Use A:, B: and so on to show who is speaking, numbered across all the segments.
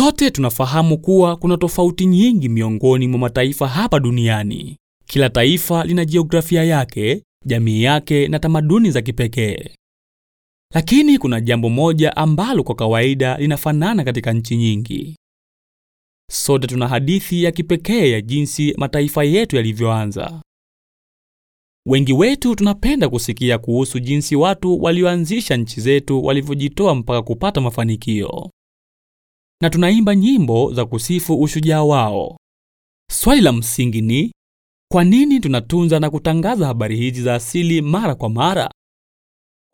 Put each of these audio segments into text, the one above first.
A: Sote tunafahamu kuwa kuna tofauti nyingi miongoni mwa mataifa hapa duniani. Kila taifa lina jiografia yake, jamii yake na tamaduni za kipekee. Lakini kuna jambo moja ambalo kwa kawaida linafanana katika nchi nyingi. Sote tuna hadithi ya kipekee ya jinsi mataifa yetu yalivyoanza. Wengi wetu tunapenda kusikia kuhusu jinsi watu walioanzisha nchi zetu walivyojitoa mpaka kupata mafanikio na tunaimba nyimbo za kusifu ushujaa wao. Swali la msingi ni kwa nini tunatunza na kutangaza habari hizi za asili mara kwa mara?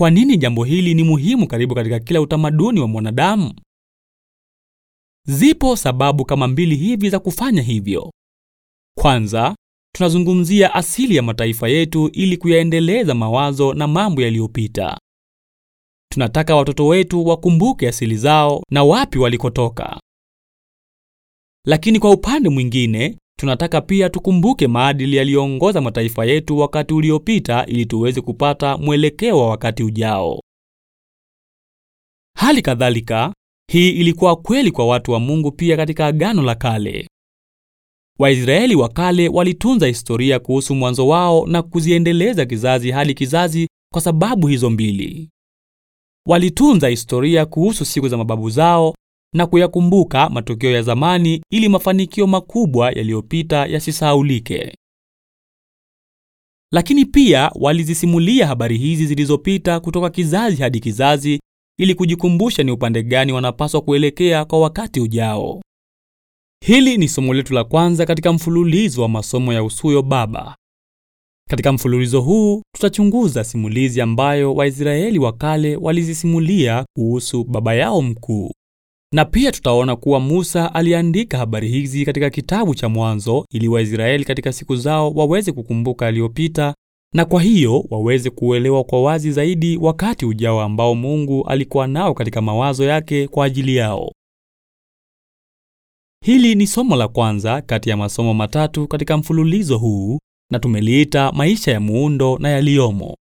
A: Kwa nini jambo hili ni muhimu karibu katika kila utamaduni wa mwanadamu? Zipo sababu kama mbili hivi za kufanya hivyo. Kwanza, tunazungumzia asili ya mataifa yetu ili kuyaendeleza mawazo na mambo yaliyopita. Tunataka watoto wetu wakumbuke asili zao na wapi walikotoka. Lakini kwa upande mwingine, tunataka pia tukumbuke maadili yaliyoongoza mataifa yetu wakati uliopita ili tuweze kupata mwelekeo wa wakati ujao. Hali kadhalika, hii ilikuwa kweli kwa watu wa Mungu pia katika Agano la Kale. Waisraeli wa kale walitunza historia kuhusu mwanzo wao na kuziendeleza kizazi hadi kizazi kwa sababu hizo mbili. Walitunza historia kuhusu siku za mababu zao na kuyakumbuka matukio ya zamani ili mafanikio makubwa yaliyopita yasisahaulike. Lakini pia walizisimulia habari hizi zilizopita kutoka kizazi hadi kizazi ili kujikumbusha ni upande gani wanapaswa kuelekea kwa wakati ujao. Hili ni somo letu la kwanza katika mfululizo wa masomo ya Usuyo Baba. Katika mfululizo huu tutachunguza simulizi ambayo Waisraeli wa kale walizisimulia kuhusu baba yao mkuu, na pia tutaona kuwa Musa aliandika habari hizi katika kitabu cha Mwanzo ili Waisraeli katika siku zao waweze kukumbuka aliyopita, na kwa hiyo waweze kuelewa kwa wazi zaidi wakati ujao ambao Mungu alikuwa nao katika mawazo yake kwa ajili yao. Hili ni somo la kwanza kati ya masomo matatu katika mfululizo huu na tumeliita maisha ya muundo na yaliyomo.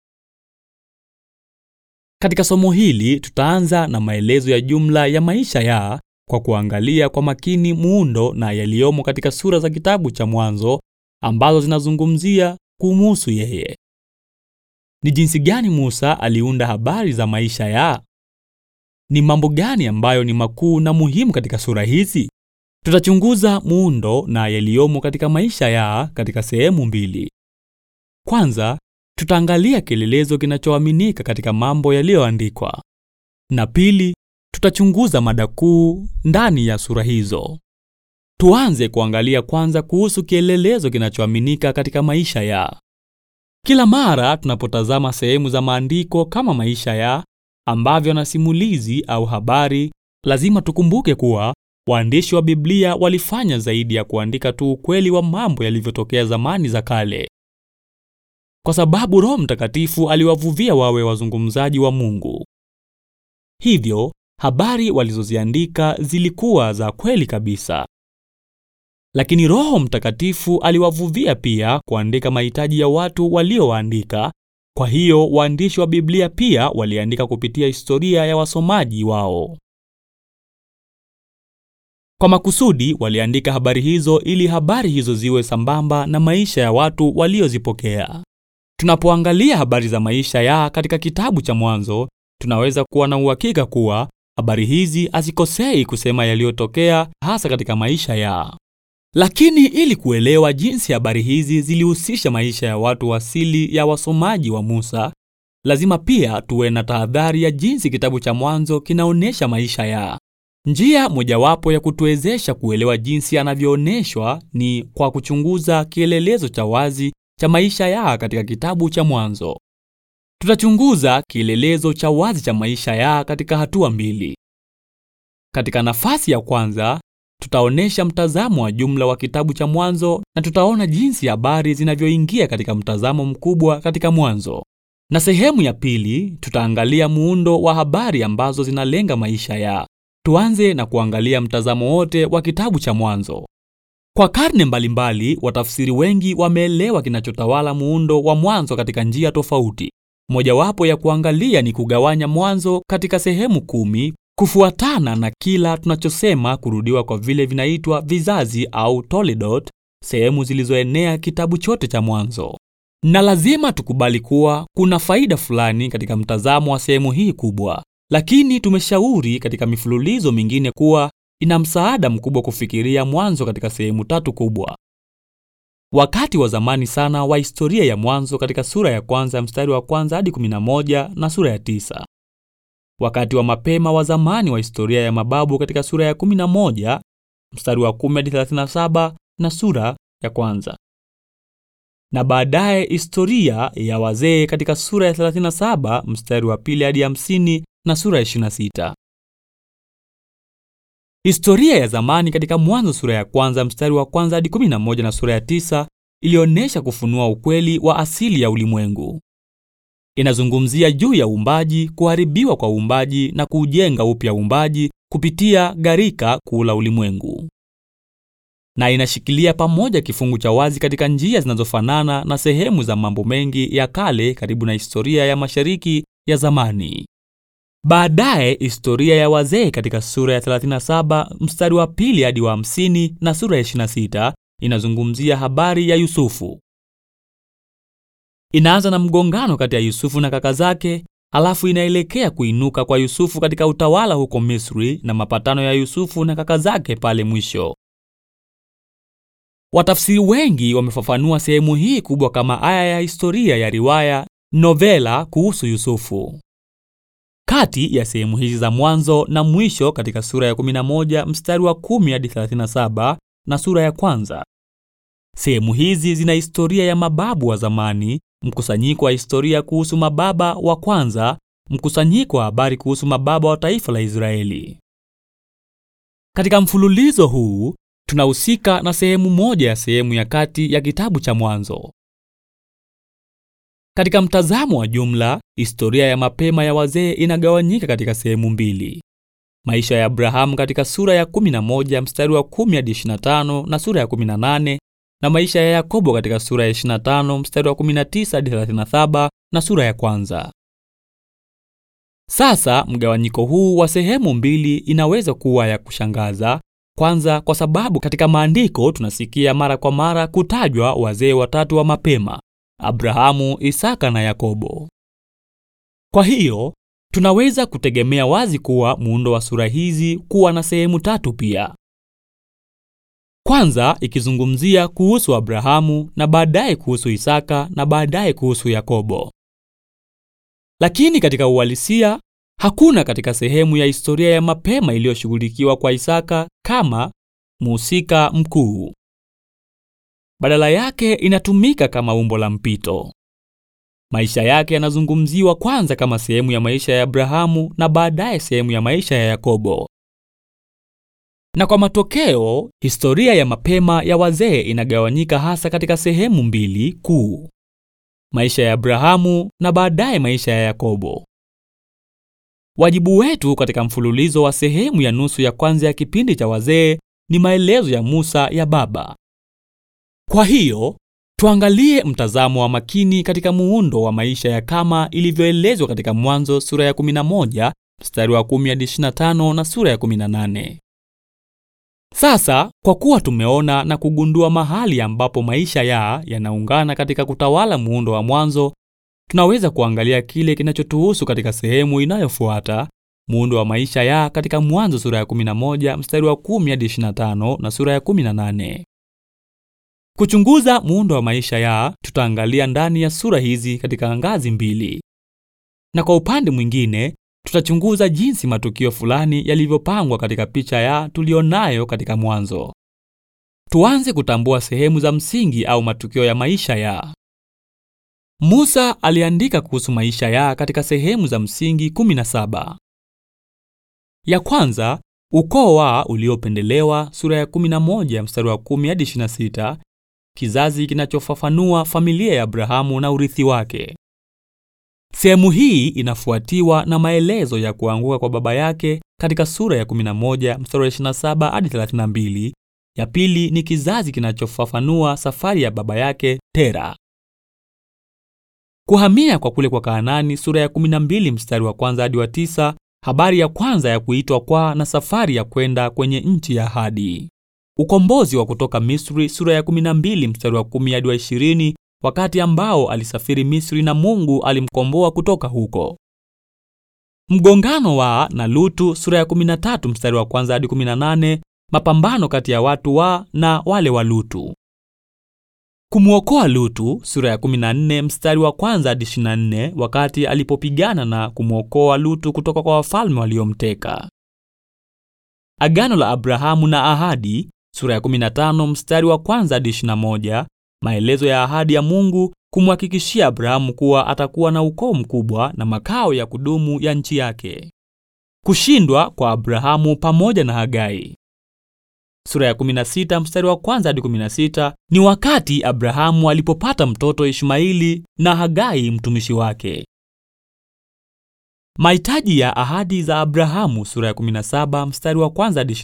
A: Katika somo hili tutaanza na maelezo ya jumla ya maisha ya kwa kuangalia kwa makini muundo na yaliyomo katika sura za kitabu cha Mwanzo ambazo zinazungumzia kumuhusu yeye. Ni jinsi gani Musa aliunda habari za maisha ya? Ni mambo gani ambayo ni makuu na muhimu katika sura hizi? Tutachunguza muundo na yaliyomo katika maisha ya katika sehemu mbili. Kwanza, tutaangalia kielelezo kinachoaminika katika mambo yaliyoandikwa, na pili, tutachunguza mada kuu ndani ya sura hizo. Tuanze kuangalia kwanza kuhusu kielelezo kinachoaminika katika maisha ya. Kila mara tunapotazama sehemu za maandiko kama maisha ya ambavyo na simulizi au habari, lazima tukumbuke kuwa Waandishi wa Biblia walifanya zaidi ya kuandika tu ukweli wa mambo yalivyotokea zamani za kale. Kwa sababu Roho Mtakatifu aliwavuvia wawe wazungumzaji wa Mungu. Hivyo, habari walizoziandika zilikuwa za kweli kabisa. Lakini Roho Mtakatifu aliwavuvia pia kuandika mahitaji ya watu walioandika. Kwa hiyo, waandishi wa Biblia pia waliandika kupitia historia ya wasomaji wao. Kwa makusudi waliandika habari hizo ili habari hizo ziwe sambamba na maisha ya watu waliozipokea. Tunapoangalia habari za maisha ya katika kitabu cha Mwanzo, tunaweza kuwa na uhakika kuwa habari hizi hazikosei kusema yaliyotokea hasa katika maisha ya. Lakini ili kuelewa jinsi habari hizi zilihusisha maisha ya watu asili ya wasomaji wa Musa, lazima pia tuwe na tahadhari ya jinsi kitabu cha Mwanzo kinaonyesha maisha ya Njia mojawapo ya kutuwezesha kuelewa jinsi anavyoonyeshwa ni kwa kuchunguza kielelezo cha wazi cha maisha ya katika kitabu cha Mwanzo. Tutachunguza kielelezo cha wazi cha maisha ya katika hatua mbili. Katika nafasi ya kwanza, tutaonesha mtazamo wa jumla wa kitabu cha Mwanzo na tutaona jinsi habari zinavyoingia katika mtazamo mkubwa katika Mwanzo. Na sehemu ya pili, tutaangalia muundo wa habari ambazo zinalenga maisha ya Tuanze na kuangalia mtazamo wote wa kitabu cha Mwanzo. Kwa karne mbalimbali, watafsiri wengi wameelewa kinachotawala muundo wa Mwanzo katika njia tofauti. Mojawapo ya kuangalia ni kugawanya Mwanzo katika sehemu kumi kufuatana na kila tunachosema kurudiwa kwa vile vinaitwa vizazi au toledot, sehemu zilizoenea kitabu chote cha Mwanzo. Na lazima tukubali kuwa kuna faida fulani katika mtazamo wa sehemu hii kubwa lakini tumeshauri katika mifululizo mingine kuwa ina msaada mkubwa kufikiria Mwanzo katika sehemu tatu kubwa. Wakati wa zamani sana wa historia ya Mwanzo katika sura ya kwanza mstari wa kwanza hadi 11 na sura ya tisa. Wakati wa mapema wa zamani wa historia ya mababu katika sura ya 11 mstari wa 10 hadi 37 na sura ya kwanza. Na baadaye historia ya wazee katika sura ya 37 mstari wa pili hadi na sura ya 26. Historia ya zamani katika Mwanzo sura ya kwanza mstari wa kwanza hadi 11 na sura ya tisa ilionyesha kufunua ukweli wa asili ya ulimwengu. Inazungumzia juu ya uumbaji, kuharibiwa kwa uumbaji na kuujenga upya uumbaji kupitia gharika kuula ulimwengu, na inashikilia pamoja kifungu cha wazi katika njia zinazofanana na sehemu za mambo mengi ya kale karibu na historia ya mashariki ya zamani. Baadaye historia ya wazee katika sura ya 37 mstari wa pili hadi wa 50 na sura ya 26 inazungumzia habari ya Yusufu. Inaanza na mgongano kati ya Yusufu na kaka zake, halafu inaelekea kuinuka kwa Yusufu katika utawala huko Misri na mapatano ya Yusufu na kaka zake pale mwisho. Watafsiri wengi wamefafanua sehemu hii kubwa kama aya ya historia ya riwaya novela kuhusu Yusufu. Kati ya sehemu hizi za mwanzo na mwisho katika sura ya 11 mstari wa 10 hadi 37 na sura ya kwanza. Sehemu hizi zina historia ya mababu wa zamani, mkusanyiko wa historia kuhusu mababa wa kwanza, mkusanyiko wa habari kuhusu mababa wa taifa la Israeli. Katika mfululizo huu tunahusika na sehemu moja ya sehemu ya kati ya kitabu cha Mwanzo. Katika mtazamo wa jumla, historia ya mapema ya wazee inagawanyika katika sehemu mbili: maisha ya Abrahamu katika sura ya 11 mstari wa 10 hadi 25 na sura ya 18, na maisha ya Yakobo katika sura ya 25 mstari wa 19 hadi 37 na sura ya kwanza. Sasa mgawanyiko huu wa sehemu mbili inaweza kuwa ya kushangaza, kwanza kwa sababu katika maandiko tunasikia mara kwa mara kutajwa wazee watatu wa mapema Abrahamu, Isaka na Yakobo. Kwa hiyo tunaweza kutegemea wazi kuwa muundo wa sura hizi kuwa na sehemu tatu pia. Kwanza ikizungumzia kuhusu Abrahamu na baadaye kuhusu Isaka na baadaye kuhusu Yakobo. Lakini katika uhalisia hakuna katika sehemu ya historia ya mapema iliyoshughulikiwa kwa Isaka kama mhusika mkuu badala yake inatumika kama umbo la mpito. Maisha yake yanazungumziwa kwanza kama sehemu ya maisha ya Abrahamu na baadaye sehemu ya maisha ya Yakobo. Na kwa matokeo, historia ya mapema ya wazee inagawanyika hasa katika sehemu mbili kuu: maisha ya Abrahamu na baadaye maisha ya Yakobo. Wajibu wetu katika mfululizo wa sehemu ya nusu ya kwanza ya kipindi cha wazee ni maelezo ya Musa ya baba kwa hiyo tuangalie mtazamo wa makini katika muundo wa maisha ya kama ilivyoelezwa katika Mwanzo sura ya 11 mstari wa 10 hadi 25 na sura ya 18. Sasa kwa kuwa tumeona na kugundua mahali ambapo maisha ya yanaungana katika kutawala muundo wa mwanzo, tunaweza kuangalia kile kinachotuhusu katika sehemu inayofuata, muundo wa maisha ya katika Mwanzo sura ya 11 mstari wa 10 hadi 25 na sura ya 18 kuchunguza muundo wa maisha ya, tutaangalia ndani ya sura hizi katika ngazi mbili, na kwa upande mwingine tutachunguza jinsi matukio fulani yalivyopangwa katika picha ya tuliyonayo katika Mwanzo. Tuanze kutambua sehemu za msingi au matukio ya maisha ya Musa. Aliandika kuhusu maisha ya katika sehemu za msingi 17. Ya kwanza, ukoo wa uliopendelewa, sura ya 11 mstari wa 10 hadi kizazi kinachofafanua familia ya Abrahamu na urithi wake. Sehemu hii inafuatiwa na maelezo ya kuanguka kwa baba yake katika sura ya 11 mstari 27 hadi 32. Ya pili ni kizazi kinachofafanua safari ya baba yake Tera. Kuhamia kwa kule kwa Kaanani, sura ya 12 mstari wa kwanza hadi wa tisa, habari ya kwanza ya kuitwa kwa na safari ya kwenda kwenye nchi ya ahadi ukombozi wa kutoka Misri sura ya 12 mstari wa 10 hadi wa 20, wakati ambao alisafiri Misri na Mungu alimkomboa kutoka huko. Mgongano wa na Lutu sura ya 13 mstari wa kwanza hadi 18, mapambano kati ya watu wa na wale wa Lutu. Kumwokoa Lutu sura ya 14 mstari wa kwanza hadi 24, wakati alipopigana na kumwokoa Lutu kutoka kwa wafalme waliomteka. Agano la Abrahamu na ahadi sura ya 15 mstari wa kwanza hadi 21, maelezo ya ahadi ya Mungu kumhakikishia Abrahamu kuwa atakuwa na ukoo mkubwa na makao ya kudumu ya nchi yake. Kushindwa kwa Abrahamu pamoja na Hagai. Sura ya 16 mstari wa kwanza hadi 16 ni wakati Abrahamu alipopata mtoto Ishmaili na Hagai mtumishi wake. Mahitaji ya ahadi za Abrahamu, sura ya 17 mstari wa kwanza hadi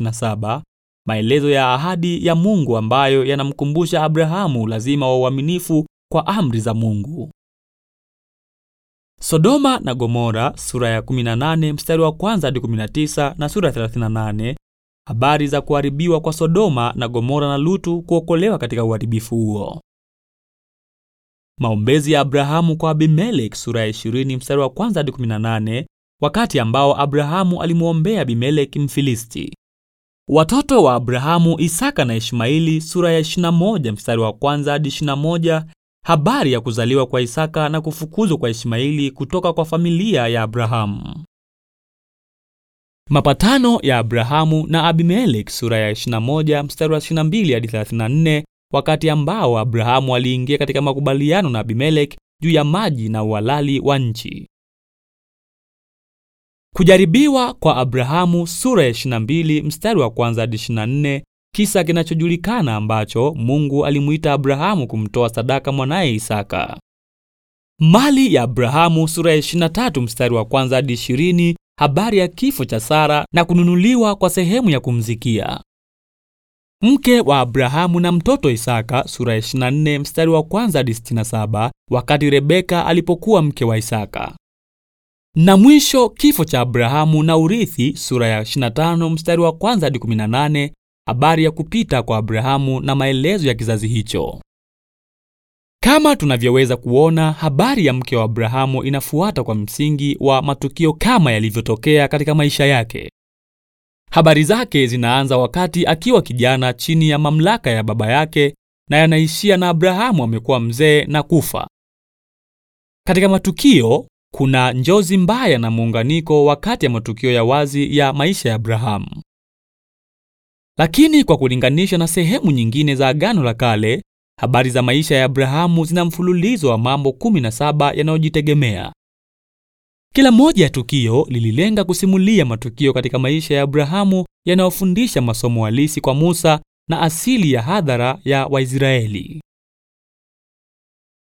A: maelezo ya ahadi ya Mungu ambayo yanamkumbusha Abrahamu lazima wa uaminifu kwa amri za Mungu. Sodoma na Gomora sura ya 18 mstari wa kwanza hadi 19 na sura ya 38, habari za kuharibiwa kwa Sodoma na Gomora na Lutu kuokolewa katika uharibifu huo. Maombezi ya Abrahamu kwa Abimelek sura ya 20 mstari wa kwanza hadi 18, wakati ambao Abrahamu alimwombea abimelek Mfilisti. Watoto wa Abrahamu, Isaka na Ishmaeli, sura ya 21 mstari wa kwanza hadi 21. Habari ya kuzaliwa kwa Isaka na kufukuzwa kwa Ishmaeli kutoka kwa familia ya Abrahamu. Mapatano ya Abrahamu na Abimelek, sura ya 21 mstari wa 22 hadi 34, wakati ambao Abrahamu aliingia katika makubaliano na Abimelek juu ya maji na uhalali wa nchi. Kujaribiwa kwa Abrahamu sura ya 22 mstari wa kwanza hadi 24, kisa kinachojulikana ambacho Mungu alimuita Abrahamu kumtoa sadaka mwanaye Isaka. Mali ya Abrahamu sura ya 23 mstari wa kwanza hadi 20, habari ya kifo cha Sara na kununuliwa kwa sehemu ya kumzikia. Mke wa Abrahamu na mtoto Isaka sura ya 24 mstari wa kwanza hadi 67, wakati Rebeka alipokuwa mke wa Isaka. Na mwisho kifo cha Abrahamu na urithi, sura ya 25 mstari wa kwanza hadi 18, habari ya kupita kwa Abrahamu na maelezo ya kizazi hicho. Kama tunavyoweza kuona, habari ya mke wa Abrahamu inafuata kwa msingi wa matukio kama yalivyotokea katika maisha yake. Habari zake zinaanza wakati akiwa kijana chini ya mamlaka ya baba yake na yanaishia na Abrahamu amekuwa mzee na kufa. Katika matukio, kuna njozi mbaya na muunganiko wakati ya matukio ya wazi ya maisha ya Abrahamu. Lakini kwa kulinganisha na sehemu nyingine za Agano la Kale, habari za maisha ya Abrahamu zina mfululizo wa mambo 17 yanayojitegemea. Kila moja ya tukio lililenga kusimulia matukio katika maisha ya Abrahamu yanayofundisha masomo halisi kwa Musa na asili ya hadhara ya Waisraeli.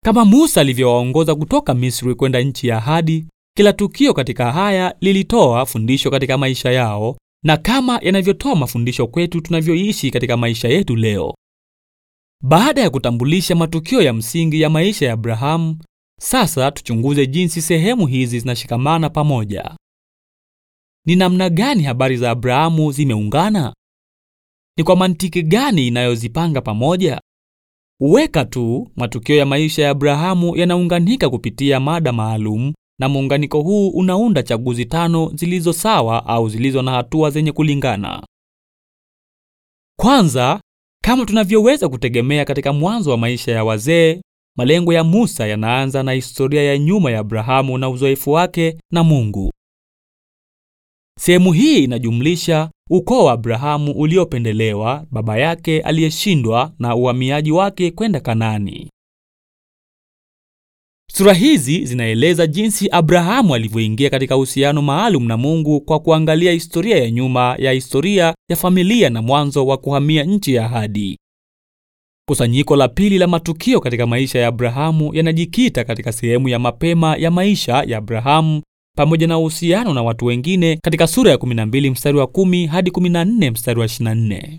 A: Kama Musa alivyowaongoza kutoka Misri kwenda nchi ya ahadi, kila tukio katika haya lilitoa fundisho katika maisha yao na kama yanavyotoa mafundisho kwetu tunavyoishi katika maisha yetu leo. Baada ya kutambulisha matukio ya msingi ya maisha ya Abrahamu, sasa tuchunguze jinsi sehemu hizi zinashikamana pamoja. Ni namna gani habari za Abrahamu zimeungana? Ni kwa mantiki gani inayozipanga pamoja? Weka tu, matukio ya maisha ya Abrahamu yanaunganika kupitia mada maalum, na muunganiko huu unaunda chaguzi tano zilizo sawa au zilizo na hatua zenye kulingana. Kwanza, kama tunavyoweza kutegemea katika mwanzo wa maisha ya wazee, malengo ya Musa yanaanza na historia ya nyuma ya Abrahamu na uzoefu wake na Mungu. Sehemu hii inajumlisha ukoo wa Abrahamu uliopendelewa, baba yake aliyeshindwa na uhamiaji wake kwenda kanani Sura hizi zinaeleza jinsi Abrahamu alivyoingia katika uhusiano maalum na Mungu kwa kuangalia historia ya nyuma ya historia ya familia na mwanzo wa kuhamia nchi ya ahadi. Kusanyiko la pili la matukio katika maisha ya Abrahamu yanajikita katika sehemu ya mapema ya maisha ya Abrahamu pamoja na uhusiano na watu wengine katika sura ya 12 mstari wa 10 hadi 14 mstari wa 24.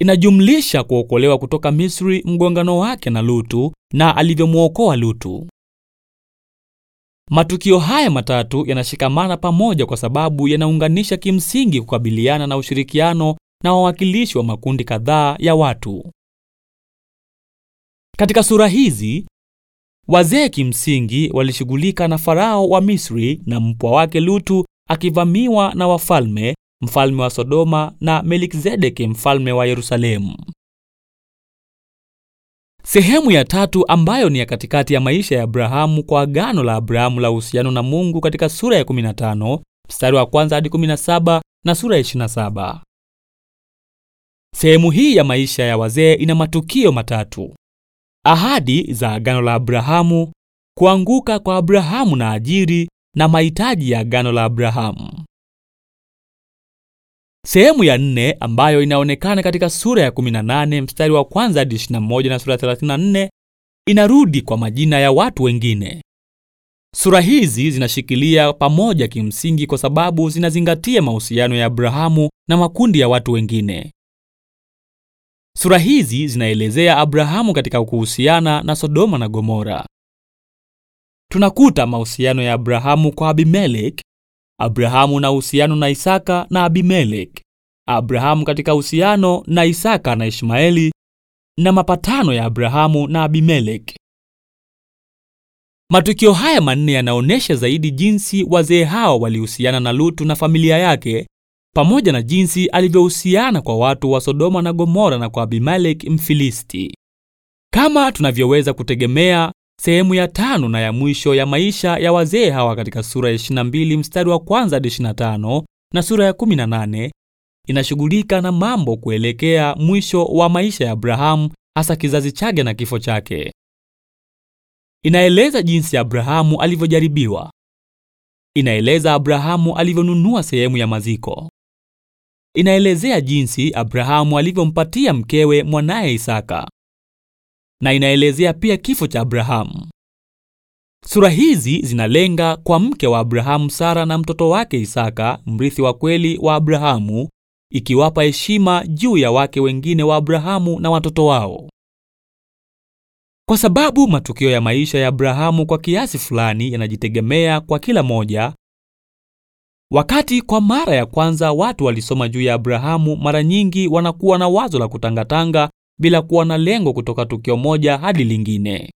A: Inajumlisha kuokolewa kutoka Misri, mgongano wake na Lutu na alivyomwokoa Lutu. Matukio haya matatu yanashikamana pamoja kwa sababu yanaunganisha kimsingi kukabiliana na ushirikiano na wawakilishi wa makundi kadhaa ya watu. Katika sura hizi Wazee kimsingi walishughulika na Farao wa Misri na mpwa wake Lutu akivamiwa na wafalme, mfalme wa Sodoma na melikizedeki mfalme wa Yerusalemu. Sehemu ya tatu ambayo ni ya katikati ya maisha ya Abrahamu kwa agano la Abrahamu la uhusiano na Mungu katika sura ya 15 mstari wa kwanza hadi 17 na sura ya 27. Sehemu hii ya maisha ya wazee ina matukio matatu ahadi za agano la Abrahamu, kuanguka kwa Abrahamu na ajiri na mahitaji ya agano la Abrahamu. Sehemu ya nne ambayo inaonekana katika sura ya 18 mstari wa kwanza hadi 21 na sura 34 inarudi kwa majina ya watu wengine. Sura hizi zinashikilia pamoja kimsingi kwa sababu zinazingatia mahusiano ya Abrahamu na makundi ya watu wengine. Sura hizi zinaelezea Abrahamu katika kuhusiana na Sodoma na Gomora. Tunakuta mahusiano ya Abrahamu kwa Abimelek, Abrahamu na uhusiano na Isaka na Abimelek, Abrahamu katika uhusiano na Isaka na Ishmaeli na mapatano ya Abrahamu na Abimelek. Matukio haya manne yanaonyesha zaidi jinsi wazee hao walihusiana na Lutu na familia yake pamoja na jinsi alivyohusiana kwa watu wa Sodoma na Gomora na kwa Abimeleki Mfilisti. Kama tunavyoweza kutegemea, sehemu ya tano na ya mwisho ya maisha ya wazee hawa katika sura ya 22 mstari wa kwanza hadi 25 na sura ya 18 inashughulika na mambo kuelekea mwisho wa maisha ya Abrahamu, hasa kizazi chake na kifo chake. Inaeleza jinsi Abrahamu alivyojaribiwa. Inaeleza Abrahamu alivyonunua sehemu ya maziko inaelezea jinsi Abrahamu alivyompatia mkewe mwanaye Isaka na inaelezea pia kifo cha Abrahamu. Sura hizi zinalenga kwa mke wa Abrahamu Sara na mtoto wake Isaka, mrithi wa kweli wa Abrahamu, ikiwapa heshima juu ya wake wengine wa Abrahamu na watoto wao. Kwa sababu matukio ya maisha ya Abrahamu kwa kiasi fulani yanajitegemea kwa kila moja, Wakati kwa mara ya kwanza watu walisoma juu ya Abrahamu, mara nyingi wanakuwa na wazo la kutangatanga bila kuwa na lengo kutoka tukio moja hadi lingine.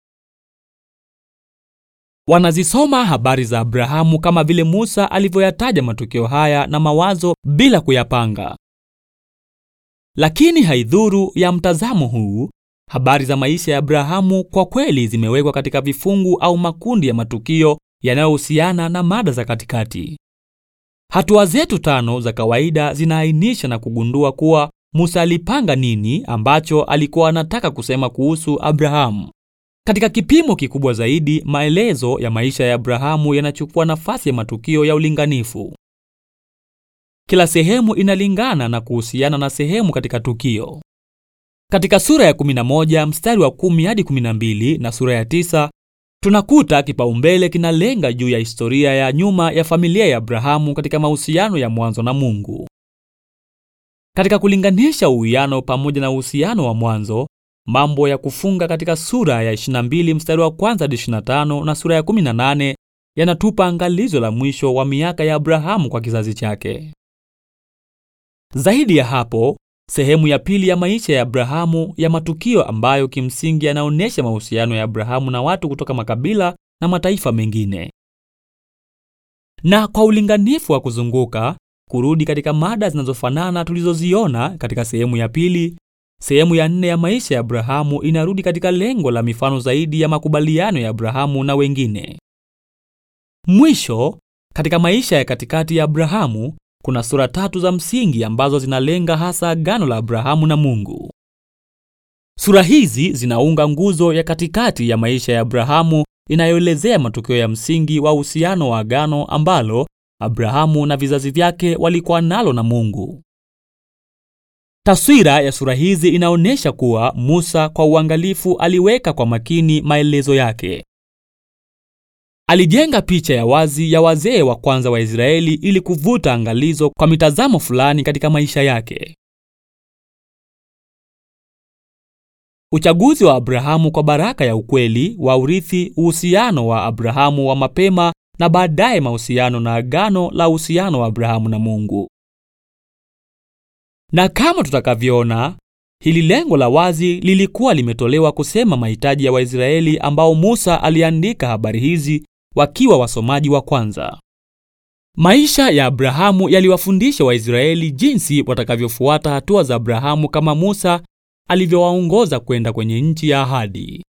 A: Wanazisoma habari za Abrahamu kama vile Musa alivyoyataja matukio haya na mawazo bila kuyapanga. Lakini haidhuru ya mtazamo huu, habari za maisha ya Abrahamu kwa kweli zimewekwa katika vifungu au makundi ya matukio yanayohusiana na mada za katikati. Hatua zetu tano za kawaida zinaainisha na kugundua kuwa Musa alipanga nini ambacho alikuwa anataka kusema kuhusu Abrahamu. Katika kipimo kikubwa zaidi, maelezo ya maisha ya Abrahamu yanachukua nafasi ya matukio ya ulinganifu. Kila sehemu inalingana na kuhusiana na sehemu katika tukio. Katika sura ya 11 mstari wa 10 hadi 12 na sura ya Tunakuta kipaumbele kinalenga juu ya historia ya nyuma ya familia ya Abrahamu katika mahusiano ya mwanzo na Mungu. Katika kulinganisha uwiano pamoja na uhusiano wa mwanzo, mambo ya kufunga katika sura ya 22 mstari wa kwanza hadi 25 na sura ya 18 yanatupa angalizo la mwisho wa miaka ya Abrahamu kwa kizazi chake. Zaidi ya hapo, Sehemu ya pili ya maisha ya Abrahamu ya matukio ambayo kimsingi yanaonyesha mahusiano ya Abrahamu na watu kutoka makabila na mataifa mengine. Na kwa ulinganifu wa kuzunguka, kurudi katika mada zinazofanana tulizoziona katika sehemu ya pili, sehemu ya nne ya maisha ya Abrahamu inarudi katika lengo la mifano zaidi ya makubaliano ya Abrahamu na wengine. Mwisho, katika maisha ya katikati ya Abrahamu, kuna sura tatu za msingi ambazo zinalenga hasa agano la Abrahamu na Mungu. Sura hizi zinaunga nguzo ya katikati ya maisha ya Abrahamu inayoelezea matukio ya msingi wa uhusiano wa agano ambalo Abrahamu na vizazi vyake walikuwa nalo na Mungu. Taswira ya sura hizi inaonyesha kuwa Musa kwa uangalifu aliweka kwa makini maelezo yake Alijenga picha ya wazi ya wazee wa kwanza wa Israeli ili kuvuta angalizo kwa mitazamo fulani katika maisha yake. Uchaguzi wa Abrahamu kwa baraka ya ukweli wa urithi, uhusiano wa Abrahamu wa mapema na baadaye mahusiano na agano la uhusiano wa Abrahamu na Mungu. Na kama tutakavyoona, hili lengo la wazi lilikuwa limetolewa kusema mahitaji ya Waisraeli ambao Musa aliandika habari hizi wakiwa wasomaji wa kwanza. Maisha ya Abrahamu yaliwafundisha Waisraeli jinsi watakavyofuata hatua za Abrahamu kama Musa alivyowaongoza kwenda kwenye nchi ya ahadi.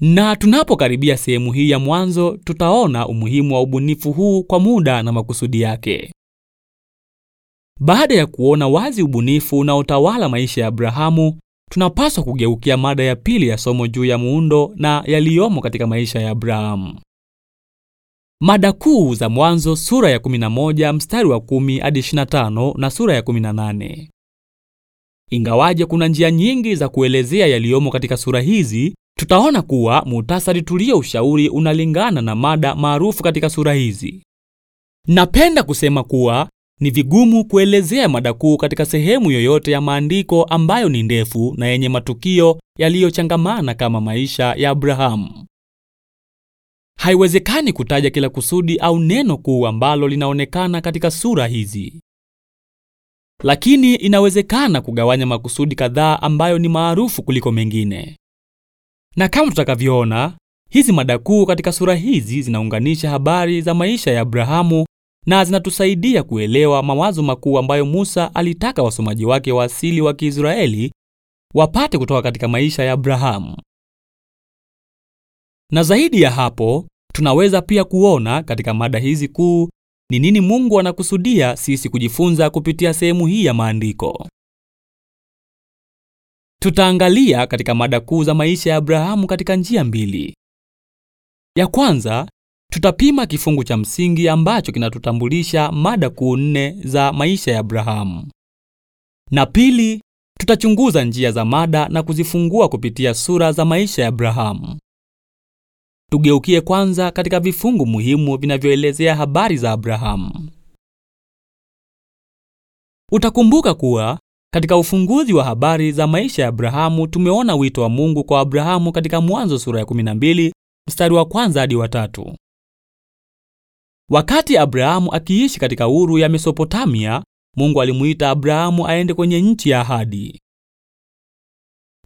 A: Na tunapokaribia sehemu hii ya mwanzo, tutaona umuhimu wa ubunifu huu kwa muda na makusudi yake. Baada ya kuona wazi ubunifu unaotawala maisha ya Abrahamu, tunapaswa kugeukia mada ya pili ya somo juu ya muundo na yaliyomo katika maisha ya Abrahamu. Mada kuu za Mwanzo sura ya 11 mstari wa 10 hadi 25 na sura ya 18. Ingawaje kuna njia nyingi za kuelezea yaliyomo katika sura hizi, tutaona kuwa muhtasari tulio ushauri unalingana na mada maarufu katika sura hizi. Napenda kusema kuwa ni vigumu kuelezea mada kuu katika sehemu yoyote ya maandiko ambayo ni ndefu na yenye matukio yaliyochangamana kama maisha ya Abrahamu. Haiwezekani kutaja kila kusudi au neno kuu ambalo linaonekana katika sura hizi. Lakini inawezekana kugawanya makusudi kadhaa ambayo ni maarufu kuliko mengine. Na kama tutakavyoona, hizi mada kuu katika sura hizi zinaunganisha habari za maisha ya Abrahamu na zinatusaidia kuelewa mawazo makuu ambayo Musa alitaka wasomaji wake wa asili wa Kiisraeli wapate kutoka katika maisha ya Abrahamu. Na zaidi ya hapo, tunaweza pia kuona katika mada hizi kuu ni nini Mungu anakusudia sisi kujifunza kupitia sehemu hii ya maandiko. Tutaangalia katika mada kuu za maisha ya Abrahamu katika njia mbili. Ya kwanza Tutapima kifungu cha msingi ambacho kinatutambulisha mada kuu nne za maisha ya Abrahamu, na pili, tutachunguza njia za mada na kuzifungua kupitia sura za maisha ya Abrahamu. Tugeukie kwanza katika vifungu muhimu vinavyoelezea habari za Abrahamu. Utakumbuka kuwa katika ufunguzi wa habari za maisha ya Abrahamu tumeona wito wa Mungu kwa Abrahamu katika Mwanzo sura ya 12 mstari wa kwanza hadi wa tatu. Wakati Abrahamu akiishi katika uru ya Mesopotamia, Mungu alimuita Abrahamu aende kwenye nchi ya ahadi.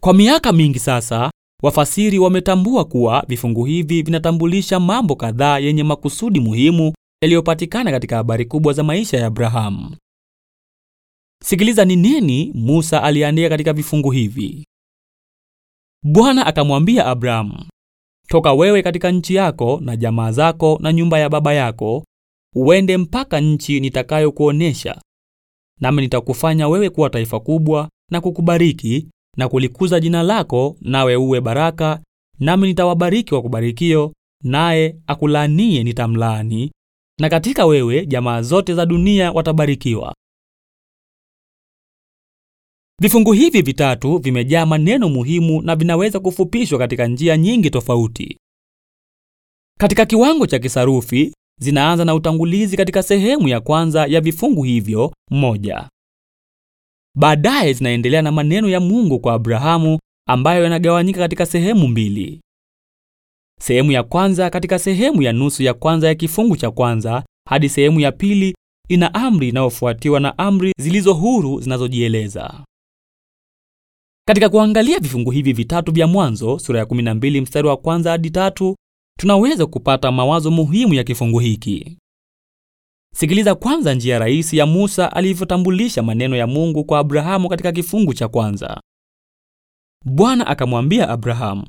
A: Kwa miaka mingi sasa, wafasiri wametambua kuwa vifungu hivi vinatambulisha mambo kadhaa yenye makusudi muhimu yaliyopatikana katika habari kubwa za maisha ya Abrahamu. Sikiliza ni nini Musa aliandika katika vifungu hivi. Bwana akamwambia Abrahamu, toka wewe katika nchi yako na jamaa zako na nyumba ya baba yako, uende mpaka nchi nitakayokuonesha, nami nitakufanya wewe kuwa taifa kubwa na kukubariki na kulikuza jina lako, nawe uwe baraka, nami nitawabariki kubarikio naye akulaanie nitamlaani, na katika wewe jamaa zote za dunia watabarikiwa. Vifungu hivi vitatu vimejaa maneno muhimu na vinaweza kufupishwa katika njia nyingi tofauti. Katika kiwango cha kisarufi, zinaanza na utangulizi katika sehemu ya kwanza ya vifungu hivyo moja. Baadaye zinaendelea na maneno ya Mungu kwa Abrahamu ambayo yanagawanyika katika sehemu mbili. Sehemu ya kwanza katika sehemu ya nusu ya kwanza ya kifungu cha kwanza hadi sehemu ya pili ina amri inayofuatiwa na amri zilizo huru zinazojieleza. Katika kuangalia vifungu hivi vitatu vya Mwanzo sura ya 12 mstari wa kwanza hadi tatu, tunaweza kupata mawazo muhimu ya kifungu hiki. Sikiliza kwanza njia rahisi ya Musa alivyotambulisha maneno ya Mungu kwa Abrahamu katika kifungu cha kwanza. Bwana akamwambia Abrahamu.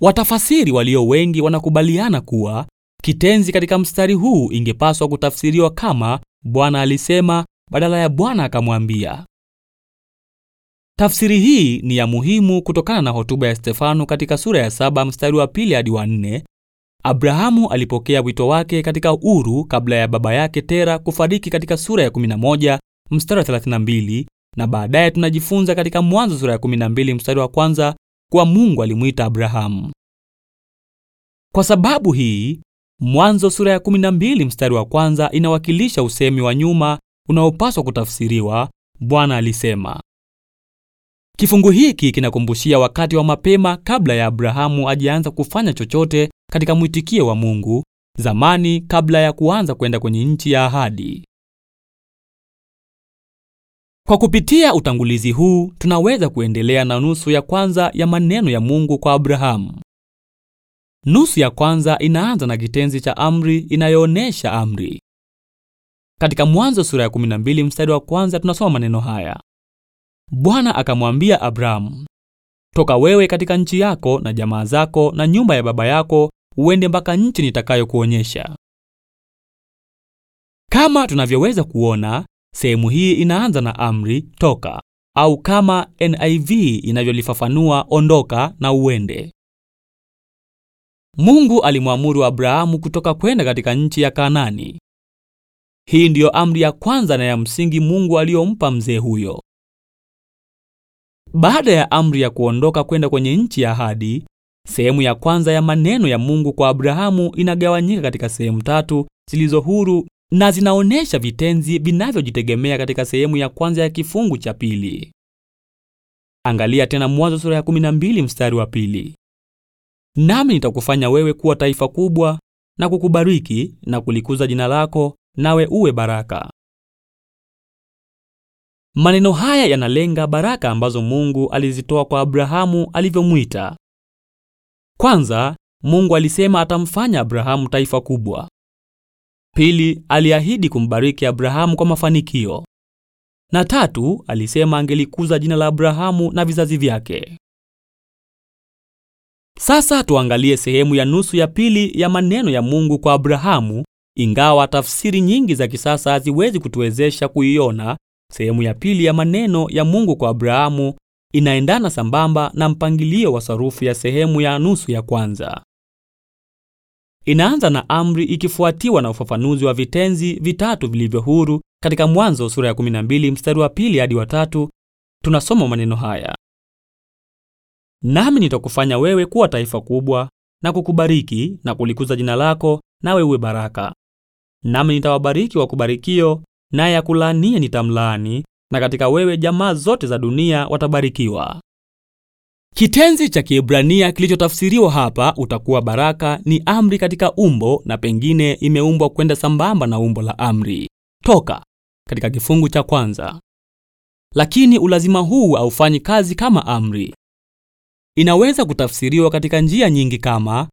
A: Watafasiri walio wengi wanakubaliana kuwa kitenzi katika mstari huu ingepaswa kutafsiriwa kama Bwana alisema badala ya Bwana akamwambia. Tafsiri hii ni ya muhimu kutokana na hotuba ya Stefano katika sura ya saba mstari wa pili hadi wa nne. Abrahamu alipokea wito wake katika Uru kabla ya baba yake Tera kufariki katika sura ya 11 mstari wa 32, na baadaye tunajifunza katika Mwanzo sura ya 12 mstari wa kwanza kuwa Mungu alimwita Abrahamu. Kwa sababu hii, Mwanzo sura ya 12 mstari wa kwanza inawakilisha usemi wa nyuma unaopaswa kutafsiriwa Bwana alisema. Kifungu hiki kinakumbushia wakati wa mapema kabla ya Abrahamu ajianza kufanya chochote katika mwitikio wa Mungu, zamani kabla ya kuanza kwenda kwenye nchi ya ahadi. Kwa kupitia utangulizi huu, tunaweza kuendelea na nusu ya kwanza ya maneno ya Mungu kwa Abrahamu. Nusu ya kwanza inaanza na kitenzi cha amri inayoonyesha amri. Katika Mwanzo sura ya 12 mstari wa kwanza tunasoma maneno haya: Bwana akamwambia Abrahamu, toka wewe katika nchi yako na jamaa zako na nyumba ya baba yako, uende mpaka nchi nitakayokuonyesha. Kama tunavyoweza kuona, sehemu hii inaanza na amri toka, au kama NIV inavyolifafanua ondoka na uende. Mungu alimwamuru Abrahamu kutoka kwenda katika nchi ya kanani Hii ndiyo amri ya kwanza na ya msingi Mungu aliyompa mzee huyo. Baada ya amri ya kuondoka kwenda kwenye nchi ya ahadi, sehemu ya kwanza ya maneno ya Mungu kwa Abrahamu inagawanyika katika sehemu tatu zilizo huru na zinaonesha vitenzi vinavyojitegemea katika sehemu ya kwanza ya kifungu cha pili. Angalia tena Mwanzo sura ya 12 mstari wa pili. Nami nitakufanya wewe kuwa taifa kubwa na kukubariki na kulikuza jina lako nawe uwe baraka. Maneno haya yanalenga baraka ambazo Mungu alizitoa kwa Abrahamu alivyomwita. Kwanza, Mungu alisema atamfanya Abrahamu taifa kubwa. Pili, aliahidi kumbariki Abrahamu kwa mafanikio. Na tatu, alisema angelikuza jina la Abrahamu na vizazi vyake. Sasa tuangalie sehemu ya nusu ya pili ya maneno ya Mungu kwa Abrahamu, ingawa tafsiri nyingi za kisasa haziwezi kutuwezesha kuiona Sehemu ya pili ya maneno ya Mungu kwa Abrahamu inaendana sambamba na mpangilio wa sarufu ya sehemu ya nusu ya kwanza. Inaanza na amri ikifuatiwa na ufafanuzi wa vitenzi vitatu vilivyo huru. Katika Mwanzo sura ya 12 mstari wa pili hadi wa tatu tunasoma maneno haya: nami nitakufanya wewe kuwa taifa kubwa na kukubariki na kulikuza jina lako, nawe uwe baraka, nami nitawabariki wakubarikio naye akulaaniye nitamlaani, na katika wewe jamaa zote za dunia watabarikiwa. Kitenzi cha Kiebrania kilichotafsiriwa hapa utakuwa baraka ni amri katika umbo, na pengine imeumbwa kwenda sambamba na umbo la amri toka katika kifungu cha kwanza. Lakini ulazima huu haufanyi kazi kama amri. Inaweza kutafsiriwa katika njia nyingi kama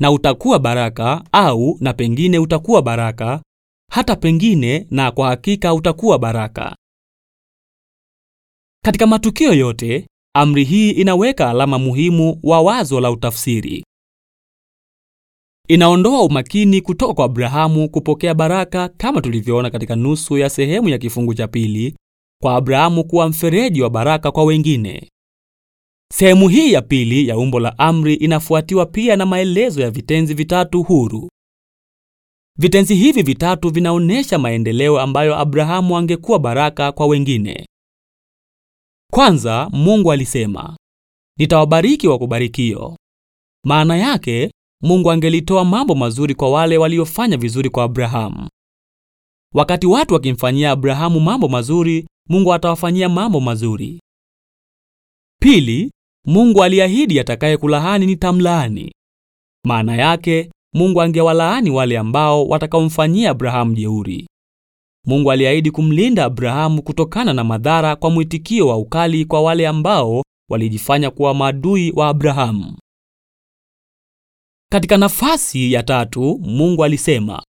A: na utakuwa baraka au na pengine utakuwa baraka hata pengine, na kwa hakika utakuwa baraka. Katika matukio yote, amri hii inaweka alama muhimu wa wazo la utafsiri. Inaondoa umakini kutoka kwa Abrahamu kupokea baraka, kama tulivyoona katika nusu ya sehemu ya kifungu cha pili, kwa Abrahamu kuwa mfereji wa baraka kwa wengine. Sehemu hii ya pili ya umbo la amri inafuatiwa pia na maelezo ya vitenzi vitatu huru. Vitenzi hivi vitatu vinaonyesha maendeleo ambayo Abrahamu angekuwa baraka kwa wengine. Kwanza, Mungu alisema, "Nitawabariki wakubarikio." Maana yake, Mungu angelitoa mambo mazuri kwa wale waliofanya vizuri kwa Abrahamu. Wakati watu wakimfanyia Abrahamu mambo mazuri, Mungu atawafanyia mambo mazuri. Pili, Mungu aliahidi atakaye kulahani nitamlaani. Maana yake Mungu angewalaani wale ambao watakaomfanyia Abrahamu jeuri. Mungu aliahidi kumlinda Abrahamu kutokana na madhara kwa mwitikio wa ukali kwa wale ambao walijifanya kuwa maadui wa Abrahamu. Katika nafasi ya tatu, Mungu alisema,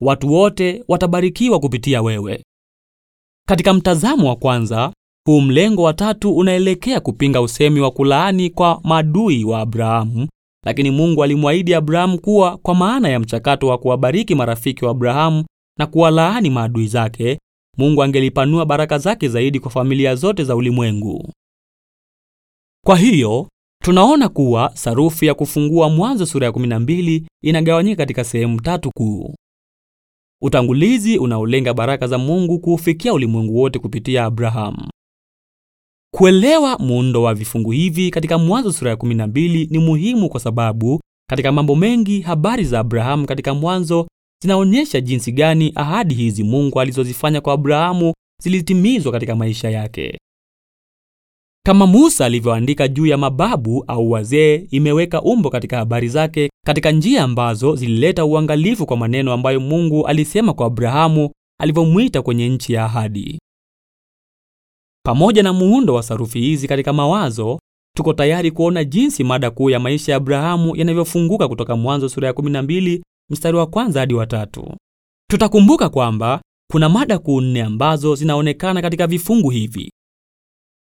A: watu wote watabarikiwa kupitia wewe. Katika mtazamo wa kwanza, huu mlengo wa tatu unaelekea kupinga usemi wa kulaani kwa maadui wa Abrahamu lakini Mungu alimwahidi Abrahamu kuwa kwa maana ya mchakato wa kuwabariki marafiki wa Abrahamu na kuwalaani maadui zake, Mungu angelipanua baraka zake zaidi kwa familia zote za ulimwengu. Kwa hiyo tunaona kuwa sarufi ya kufungua Mwanzo sura ya 12 inagawanyika katika sehemu tatu kuu. Utangulizi unaolenga baraka za Mungu kuufikia ulimwengu wote kupitia Abrahamu. Kuelewa muundo wa vifungu hivi katika Mwanzo sura ya 12 ni muhimu kwa sababu katika mambo mengi habari za Abrahamu katika Mwanzo zinaonyesha jinsi gani ahadi hizi Mungu alizozifanya kwa Abrahamu zilitimizwa katika maisha yake. Kama Musa alivyoandika juu ya mababu au wazee, imeweka umbo katika habari zake katika njia ambazo zilileta uangalifu kwa maneno ambayo Mungu alisema kwa Abrahamu alivyomwita kwenye nchi ya ahadi. Pamoja na muundo wa sarufi hizi katika mawazo, tuko tayari kuona jinsi mada kuu ya maisha ya Abrahamu yanavyofunguka kutoka Mwanzo sura ya 12 mstari wa kwanza hadi wa tatu. Tutakumbuka kwamba kuna mada kuu nne ambazo zinaonekana katika vifungu hivi.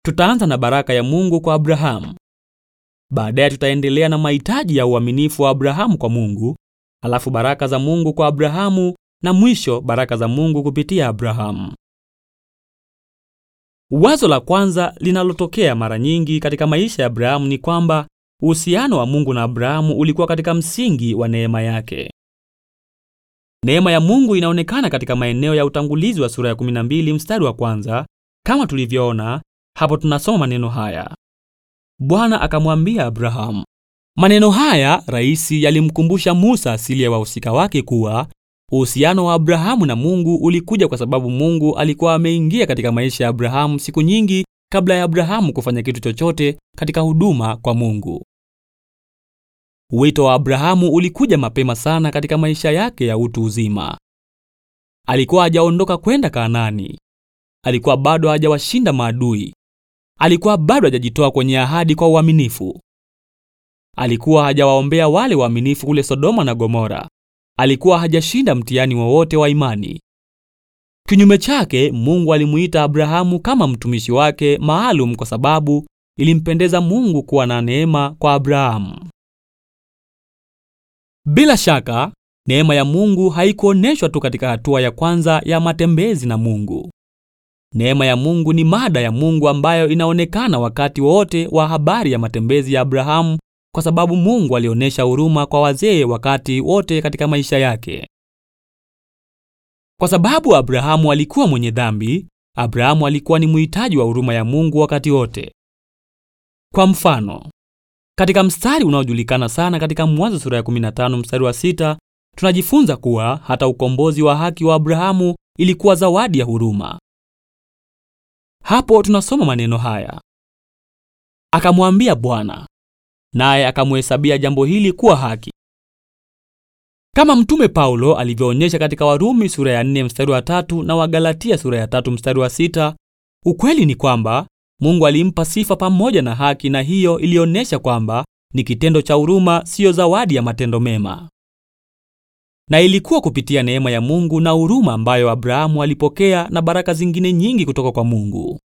A: Tutaanza na baraka ya Mungu kwa Abrahamu. Baadaye tutaendelea na mahitaji ya uaminifu wa Abrahamu kwa Mungu, alafu baraka za Mungu kwa Abrahamu na mwisho baraka za Mungu kupitia Abrahamu. Wazo la kwanza linalotokea mara nyingi katika maisha ya Abrahamu ni kwamba uhusiano wa Mungu na Abrahamu ulikuwa katika msingi wa neema yake. Neema ya Mungu inaonekana katika maeneo ya utangulizi wa sura ya 12 mstari wa kwanza. Kama tulivyoona hapo, tunasoma maneno haya: Bwana akamwambia Abrahamu. Maneno haya rahisi yalimkumbusha Musa asili ya wahusika wake kuwa Uhusiano wa Abrahamu na Mungu ulikuja kwa sababu Mungu alikuwa ameingia katika maisha ya Abrahamu siku nyingi kabla ya Abrahamu kufanya kitu chochote katika huduma kwa Mungu. Wito wa Abrahamu ulikuja mapema sana katika maisha yake ya utu uzima. Alikuwa hajaondoka kwenda Kanaani. Alikuwa bado hajawashinda maadui. Alikuwa bado hajajitoa kwenye ahadi kwa uaminifu. Alikuwa hajawaombea wale waaminifu kule Sodoma na Gomora alikuwa hajashinda mtihani wowote wa, wa imani. Kinyume chake, Mungu alimuita Abrahamu kama mtumishi wake maalum kwa sababu ilimpendeza Mungu kuwa na neema kwa Abrahamu. Bila shaka, neema ya Mungu haikuoneshwa tu katika hatua ya kwanza ya matembezi na Mungu. Neema ya Mungu ni mada ya Mungu ambayo inaonekana wakati wote wa habari ya matembezi ya Abrahamu kwa sababu Mungu alionyesha huruma kwa wazee wakati wote katika maisha yake. Kwa sababu Abrahamu alikuwa mwenye dhambi, Abrahamu alikuwa ni mhitaji wa huruma ya Mungu wakati wote. Kwa mfano, katika mstari unaojulikana sana katika Mwanzo sura ya 15 mstari wa 6, tunajifunza kuwa hata ukombozi wa haki wa Abrahamu ilikuwa zawadi ya huruma. Hapo tunasoma maneno haya: Akamwambia Bwana, naye akamhesabia jambo hili kuwa haki. Kama Mtume Paulo alivyoonyesha katika Warumi sura ya 4 mstari wa 3 na Wagalatia sura ya 3 mstari wa sita, ukweli ni kwamba Mungu alimpa sifa pamoja na haki, na hiyo ilionyesha kwamba ni kitendo cha huruma, siyo zawadi ya matendo mema. Na ilikuwa kupitia neema ya Mungu na huruma ambayo Abrahamu alipokea na baraka zingine nyingi kutoka kwa Mungu.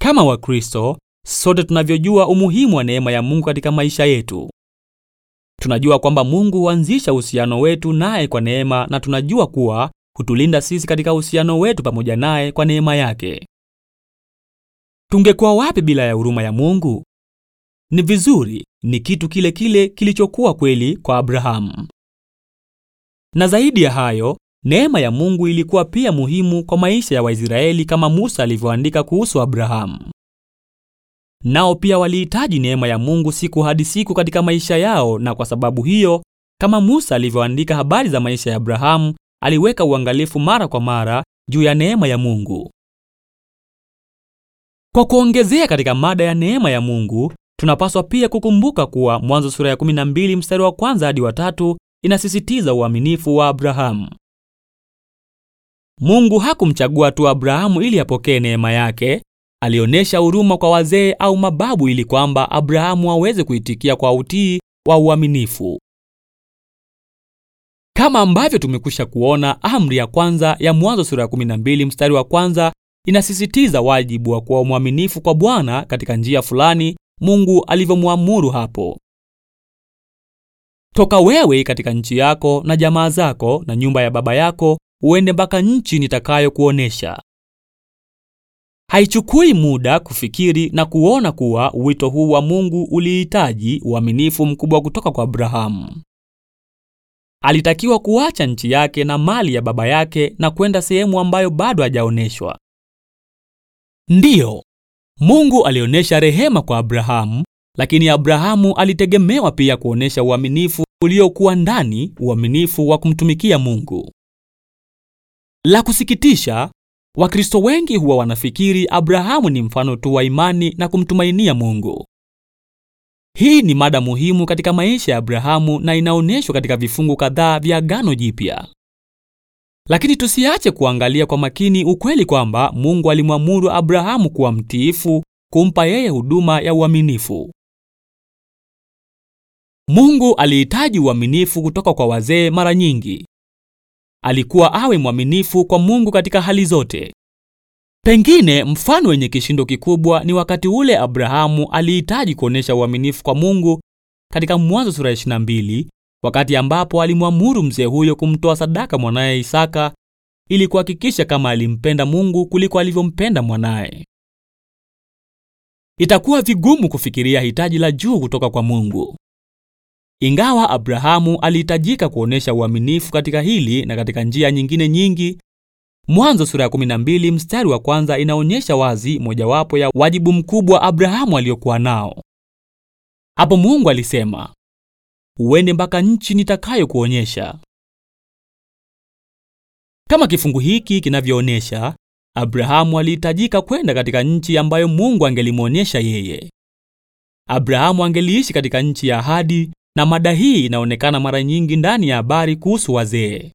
A: Kama Wakristo Sote tunavyojua umuhimu wa neema ya Mungu katika maisha yetu. Tunajua kwamba Mungu huanzisha uhusiano wetu naye kwa neema na tunajua kuwa hutulinda sisi katika uhusiano wetu pamoja naye kwa neema yake. Tungekuwa wapi bila ya huruma ya Mungu? Ni vizuri, ni kitu kile kile kilichokuwa kweli kwa Abrahamu. Na zaidi ya hayo, neema ya Mungu ilikuwa pia muhimu kwa maisha ya Waisraeli kama Musa alivyoandika kuhusu Abrahamu. Nao pia walihitaji neema ya Mungu siku hadi siku katika maisha yao, na kwa sababu hiyo, kama Musa alivyoandika habari za maisha ya Abrahamu, aliweka uangalifu mara kwa mara juu ya neema ya Mungu. Kwa kuongezea katika mada ya neema ya Mungu, tunapaswa pia kukumbuka kuwa Mwanzo sura ya 12 mstari wa kwanza hadi wa tatu inasisitiza uaminifu wa Abrahamu. Mungu hakumchagua tu Abrahamu ili apokee neema yake, Alionyesha huruma kwa wazee au mababu ili kwamba Abrahamu aweze kuitikia kwa utii wa uaminifu. Kama ambavyo tumekwisha kuona, amri ya kwanza ya Mwanzo sura ya 12 mstari wa kwanza inasisitiza wajibu wa kuwa mwaminifu kwa Bwana katika njia fulani Mungu alivyomwamuru hapo. Toka wewe katika nchi yako na jamaa zako na nyumba ya baba yako uende mpaka nchi nitakayokuonesha. Haichukui muda kufikiri na kuona kuwa wito huu wa Mungu ulihitaji uaminifu mkubwa kutoka kwa Abrahamu. Alitakiwa kuacha nchi yake na mali ya baba yake na kwenda sehemu ambayo bado hajaoneshwa. Ndiyo, Mungu alionyesha rehema kwa Abrahamu, lakini Abrahamu alitegemewa pia kuonesha uaminifu uliokuwa ndani, uaminifu wa kumtumikia Mungu. La kusikitisha, Wakristo wengi huwa wanafikiri Abrahamu ni mfano tu wa imani na kumtumainia Mungu. Hii ni mada muhimu katika maisha ya Abrahamu na inaonyeshwa katika vifungu kadhaa vya Agano Jipya. Lakini tusiache kuangalia kwa makini ukweli kwamba Mungu alimwamuru Abrahamu kuwa mtiifu, kumpa yeye huduma ya uaminifu. Mungu alihitaji uaminifu kutoka kwa wazee mara nyingi alikuwa awe mwaminifu kwa Mungu katika hali zote. Pengine mfano wenye kishindo kikubwa ni wakati ule Abrahamu alihitaji kuonyesha uaminifu kwa Mungu katika Mwanzo sura 22, wakati ambapo alimwamuru mzee huyo kumtoa sadaka mwanaye Isaka ili kuhakikisha kama alimpenda Mungu kuliko alivyompenda mwanaye. Itakuwa vigumu kufikiria hitaji la juu kutoka kwa Mungu. Ingawa Abrahamu alihitajika kuonesha uaminifu katika hili na katika njia nyingine nyingi, Mwanzo sura ya 12 mstari wa kwanza inaonyesha wazi mojawapo ya wajibu mkubwa Abrahamu aliyokuwa nao. Hapo Mungu alisema, uende mpaka nchi nitakayokuonyesha. Kama kifungu hiki kinavyoonyesha, Abrahamu alihitajika kwenda katika nchi ambayo Mungu angelimwonyesha yeye. Abrahamu angeliishi katika nchi ya ahadi na mada hii inaonekana mara nyingi ndani ya habari kuhusu wazee.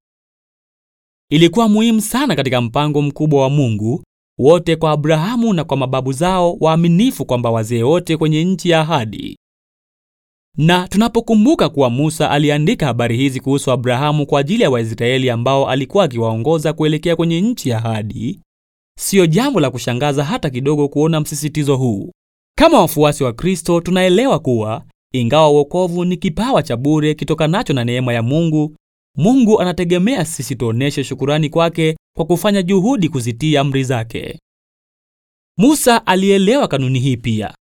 A: Ilikuwa muhimu sana katika mpango mkubwa wa Mungu wote kwa Abrahamu na kwa mababu zao waaminifu kwamba wazee wote kwenye nchi ya ahadi. Na tunapokumbuka kuwa Musa aliandika habari hizi kuhusu Abrahamu kwa ajili ya Waisraeli ambao alikuwa akiwaongoza kuelekea kwenye nchi ya ahadi, siyo jambo la kushangaza hata kidogo kuona msisitizo huu. Kama wafuasi wa Kristo tunaelewa kuwa ingawa wokovu ni kipawa cha bure kitokanacho na neema ya Mungu, Mungu anategemea sisi tuoneshe shukurani kwake kwa kufanya juhudi kuzitii amri zake. Musa alielewa kanuni hii pia.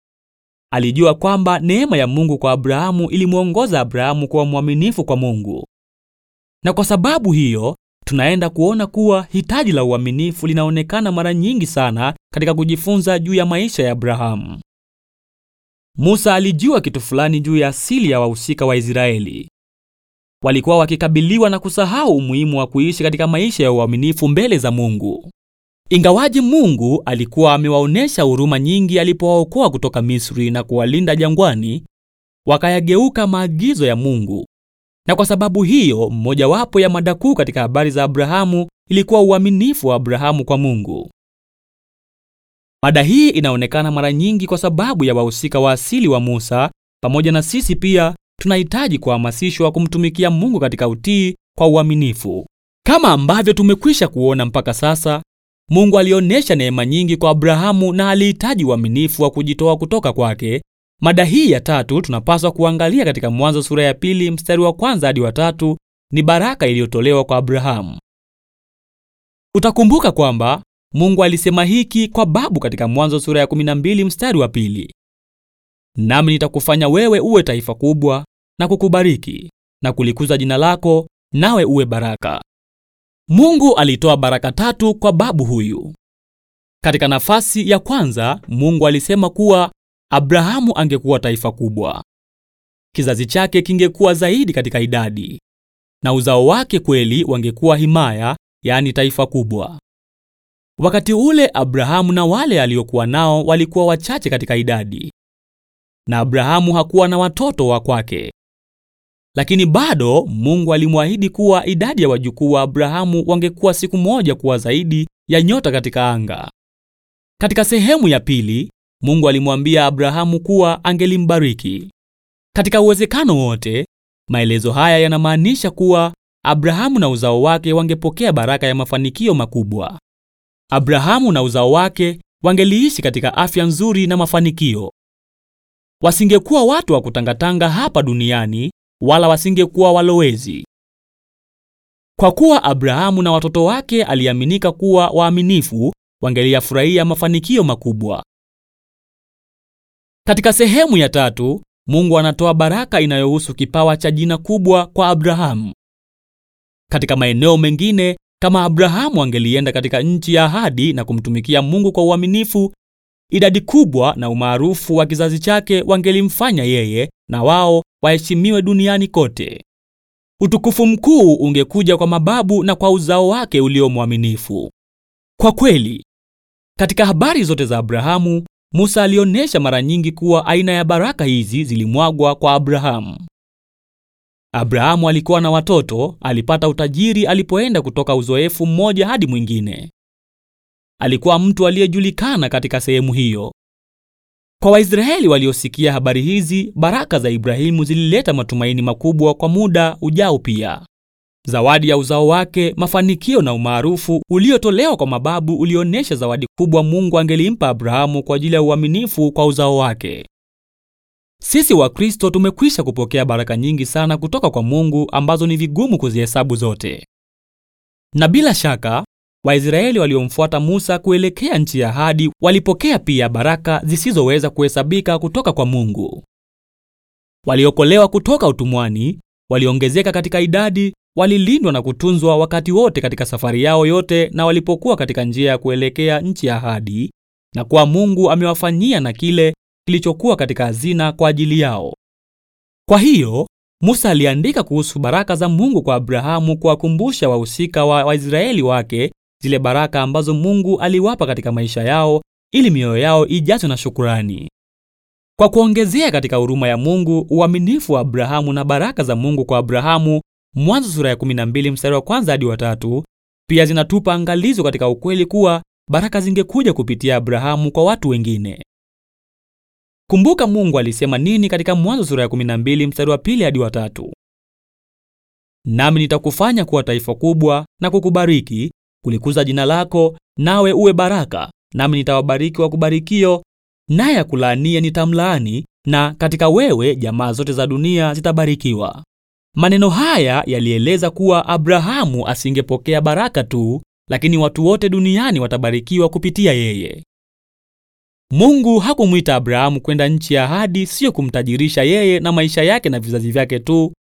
A: Alijua kwamba neema ya Mungu kwa Abrahamu ilimwongoza Abrahamu kuwa mwaminifu kwa Mungu. Na kwa sababu hiyo, tunaenda kuona kuwa hitaji la uaminifu linaonekana mara nyingi sana katika kujifunza juu ya maisha ya Abrahamu. Musa alijua kitu fulani juu ya asili ya wahusika wa Israeli. Walikuwa wakikabiliwa na kusahau umuhimu wa kuishi katika maisha ya uaminifu mbele za Mungu. Ingawaji Mungu alikuwa amewaonesha huruma nyingi alipowaokoa kutoka Misri na kuwalinda jangwani, wakayageuka maagizo ya Mungu. Na kwa sababu hiyo, mmojawapo ya mada kuu katika habari za Abrahamu ilikuwa uaminifu wa Abrahamu kwa Mungu. Mada hii inaonekana mara nyingi kwa sababu ya wahusika wa asili wa Musa. Pamoja na sisi pia tunahitaji kuhamasishwa kumtumikia Mungu katika utii kwa uaminifu. Kama ambavyo tumekwisha kuona mpaka sasa, Mungu alionyesha neema nyingi kwa Abrahamu na alihitaji uaminifu wa kujitoa kutoka kwake. Mada hii ya tatu tunapaswa kuangalia katika Mwanzo sura ya pili mstari wa kwanza hadi wa tatu ni baraka iliyotolewa kwa Abrahamu. Utakumbuka kwamba Mungu alisema hiki kwa babu katika Mwanzo sura ya 12 mstari wa pili, nami nitakufanya wewe uwe taifa kubwa na kukubariki na kulikuza jina lako nawe uwe baraka. Mungu alitoa baraka tatu kwa babu huyu. Katika nafasi ya kwanza, Mungu alisema kuwa Abrahamu angekuwa taifa kubwa, kizazi chake kingekuwa zaidi katika idadi na uzao wake kweli wangekuwa himaya, yaani taifa kubwa. Wakati ule Abrahamu na wale aliokuwa nao walikuwa wachache katika idadi, na Abrahamu hakuwa na watoto wa kwake, lakini bado Mungu alimwahidi kuwa idadi ya wajukuu wa Abrahamu wangekuwa siku moja kuwa zaidi ya nyota katika anga. Katika sehemu ya pili, Mungu alimwambia Abrahamu kuwa angelimbariki katika uwezekano wote. Maelezo haya yanamaanisha kuwa Abrahamu na uzao wake wangepokea baraka ya mafanikio makubwa. Abrahamu na uzao wake wangeliishi katika afya nzuri na mafanikio. Wasingekuwa watu wa kutangatanga hapa duniani wala wasingekuwa walowezi. Kwa kuwa Abrahamu na watoto wake aliaminika kuwa waaminifu, wangeliyafurahia mafanikio makubwa. Katika sehemu ya tatu, Mungu anatoa baraka inayohusu kipawa cha jina kubwa kwa Abrahamu. Katika maeneo mengine, kama Abrahamu angelienda katika nchi ya ahadi na kumtumikia Mungu kwa uaminifu, idadi kubwa na umaarufu wa kizazi chake wangelimfanya yeye na wao waheshimiwe duniani kote. Utukufu mkuu ungekuja kwa mababu na kwa uzao wake uliomwaminifu. Kwa kweli, katika habari zote za Abrahamu, Musa alionyesha mara nyingi kuwa aina ya baraka hizi zilimwagwa kwa Abrahamu. Abrahamu alikuwa na watoto, alipata utajiri alipoenda kutoka uzoefu mmoja hadi mwingine. Alikuwa mtu aliyejulikana katika sehemu hiyo. Kwa Waisraeli waliosikia habari hizi, baraka za Ibrahimu zilileta matumaini makubwa kwa muda ujao pia. Zawadi ya uzao wake, mafanikio na umaarufu uliotolewa kwa mababu ulionyesha zawadi kubwa Mungu angelimpa Abrahamu kwa ajili ya uaminifu kwa uzao wake. Sisi Wakristo tumekwisha kupokea baraka nyingi sana kutoka kwa Mungu ambazo ni vigumu kuzihesabu zote. Na bila shaka, Waisraeli waliomfuata Musa kuelekea nchi ya ahadi walipokea pia baraka zisizoweza kuhesabika kutoka kwa Mungu. Waliokolewa kutoka utumwani, waliongezeka katika idadi, walilindwa na kutunzwa wakati wote katika safari yao yote na walipokuwa katika njia ya kuelekea nchi ya ahadi, na kuwa Mungu amewafanyia na kile kilichokuwa katika hazina kwa ajili yao. Kwa hiyo Musa aliandika kuhusu baraka za Mungu kwa Abrahamu, kuwakumbusha wahusika wa Waisraeli wake zile baraka ambazo Mungu aliwapa katika maisha yao ili mioyo yao ijazwe na shukurani. Kwa kuongezea katika huruma ya Mungu, uaminifu wa Abrahamu na baraka za Mungu kwa Abrahamu, Mwanzo sura ya 12 mstari wa kwanza hadi watatu, pia zinatupa angalizo katika ukweli kuwa baraka zingekuja kupitia Abrahamu kwa watu wengine. Kumbuka Mungu alisema nini katika Mwanzo sura ya 12 mstari wa pili hadi watatu: nami nitakufanya kuwa taifa kubwa na kukubariki, kulikuza jina lako, nawe uwe baraka, nami nitawabariki wakubarikio, naye akulaanie nitamlaani, na katika wewe jamaa zote za dunia zitabarikiwa. Maneno haya yalieleza kuwa Abrahamu asingepokea baraka tu, lakini watu wote duniani watabarikiwa kupitia yeye. Mungu hakumwita Abrahamu kwenda nchi ya ahadi siyo kumtajirisha yeye na maisha yake na vizazi vyake tu,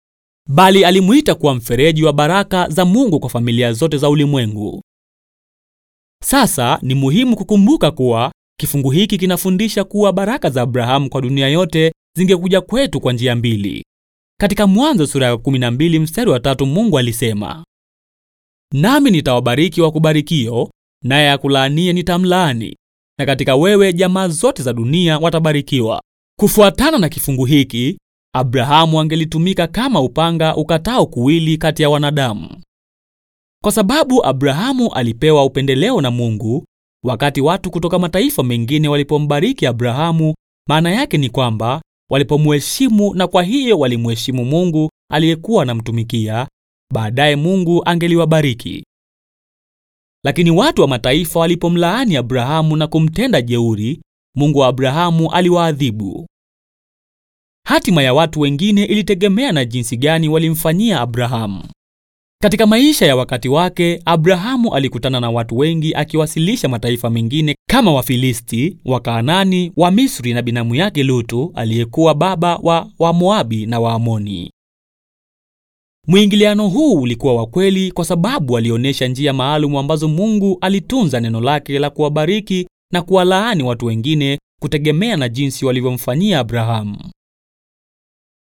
A: bali alimuita kuwa mfereji wa baraka za Mungu kwa familia zote za ulimwengu. Sasa ni muhimu kukumbuka kuwa kifungu hiki kinafundisha kuwa baraka za Abrahamu kwa dunia yote zingekuja kwetu kwa njia mbili. Katika Mwanzo sura ya 12 mstari wa tatu, Mungu alisema, nami nitawabariki kubarikio, naye akulaanie nitamlaani, na katika wewe jamaa zote za dunia watabarikiwa. Kufuatana na kifungu hiki, Abrahamu angelitumika kama upanga ukatao kuwili kati ya wanadamu. Kwa sababu Abrahamu alipewa upendeleo na Mungu, wakati watu kutoka mataifa mengine walipombariki Abrahamu, maana yake ni kwamba walipomheshimu na kwa hiyo walimheshimu Mungu aliyekuwa anamtumikia, baadaye Mungu angeliwabariki. Lakini watu wa mataifa walipomlaani Abrahamu na kumtenda jeuri, Mungu wa Abrahamu aliwaadhibu. Hatima ya watu wengine ilitegemea na jinsi gani walimfanyia Abrahamu. Katika maisha ya wakati wake, Abrahamu alikutana na watu wengi akiwasilisha mataifa mengine kama Wafilisti, Wakaanani, Wamisri na binamu yake Lutu aliyekuwa baba wa Wamoabi na Waamoni. Mwingiliano huu ulikuwa wa kweli kwa sababu alionyesha njia maalumu ambazo Mungu alitunza neno lake la kuwabariki na kuwalaani watu wengine kutegemea na jinsi walivyomfanyia Abrahamu.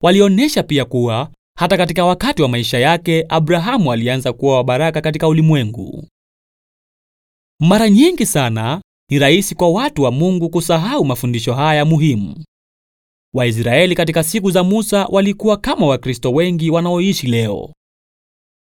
A: Walionyesha pia kuwa hata katika wakati wa maisha yake Abrahamu alianza kuwa wa baraka katika ulimwengu. Mara nyingi sana ni rahisi kwa watu wa Mungu kusahau mafundisho haya muhimu. Waisraeli katika siku za Musa walikuwa kama Wakristo wengi wanaoishi leo.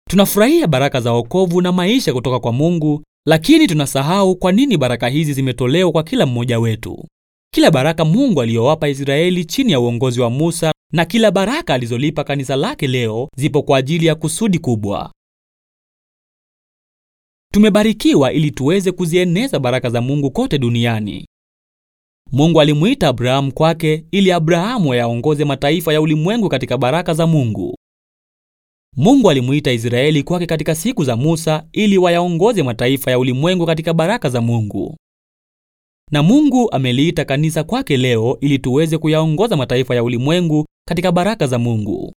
A: Tunafurahia baraka za wokovu na maisha kutoka kwa Mungu, lakini tunasahau kwa nini baraka hizi zimetolewa kwa kila mmoja wetu. Kila baraka Mungu aliyowapa Israeli chini ya uongozi wa Musa na kila baraka alizolipa kanisa lake leo zipo kwa ajili ya kusudi kubwa. Tumebarikiwa ili tuweze kuzieneza baraka za Mungu kote duniani. Mungu alimuita Abrahamu kwake ili Abrahamu ayaongoze mataifa ya ulimwengu katika baraka za Mungu. Mungu alimuita Israeli kwake katika siku za Musa ili wayaongoze mataifa ya ulimwengu katika baraka za Mungu. Na Mungu ameliita kanisa kwake leo ili tuweze kuyaongoza mataifa ya ulimwengu katika baraka za Mungu.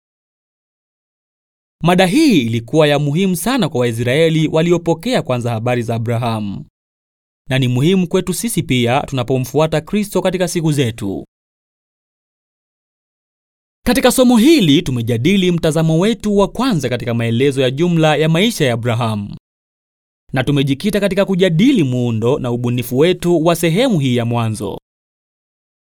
A: Mada hii ilikuwa ya muhimu sana kwa Waisraeli waliopokea kwanza habari za Abrahamu na ni muhimu kwetu sisi pia tunapomfuata Kristo katika siku zetu. Katika somo hili tumejadili mtazamo wetu wa kwanza katika maelezo ya jumla ya maisha ya Abrahamu na tumejikita katika kujadili muundo na ubunifu wetu wa sehemu hii ya mwanzo,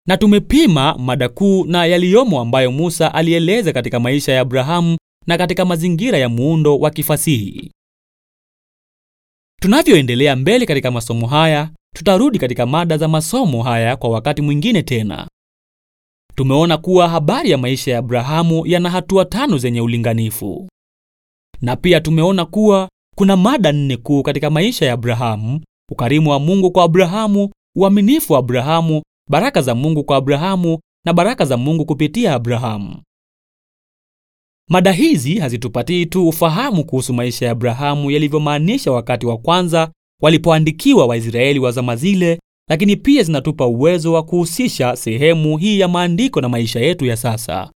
A: na tumepima mada kuu na yaliyomo ambayo Musa alieleza katika maisha ya Abrahamu na katika mazingira ya muundo wa kifasihi. Tunavyoendelea mbele katika masomo haya, tutarudi katika mada za masomo haya kwa wakati mwingine tena. Tumeona kuwa habari ya maisha ya Abrahamu yana hatua tano zenye ulinganifu, na pia tumeona kuwa kuna mada nne kuu katika maisha ya Abrahamu: ukarimu wa Mungu kwa Abrahamu, uaminifu wa Abrahamu, baraka za Mungu kwa Abrahamu na baraka za Mungu kupitia Abrahamu. Mada hizi hazitupatii tu ufahamu kuhusu maisha ya Abrahamu yalivyomaanisha wakati wa kwanza walipoandikiwa Waisraeli wa zama zile, lakini pia zinatupa uwezo wa kuhusisha sehemu hii ya maandiko na maisha yetu ya sasa.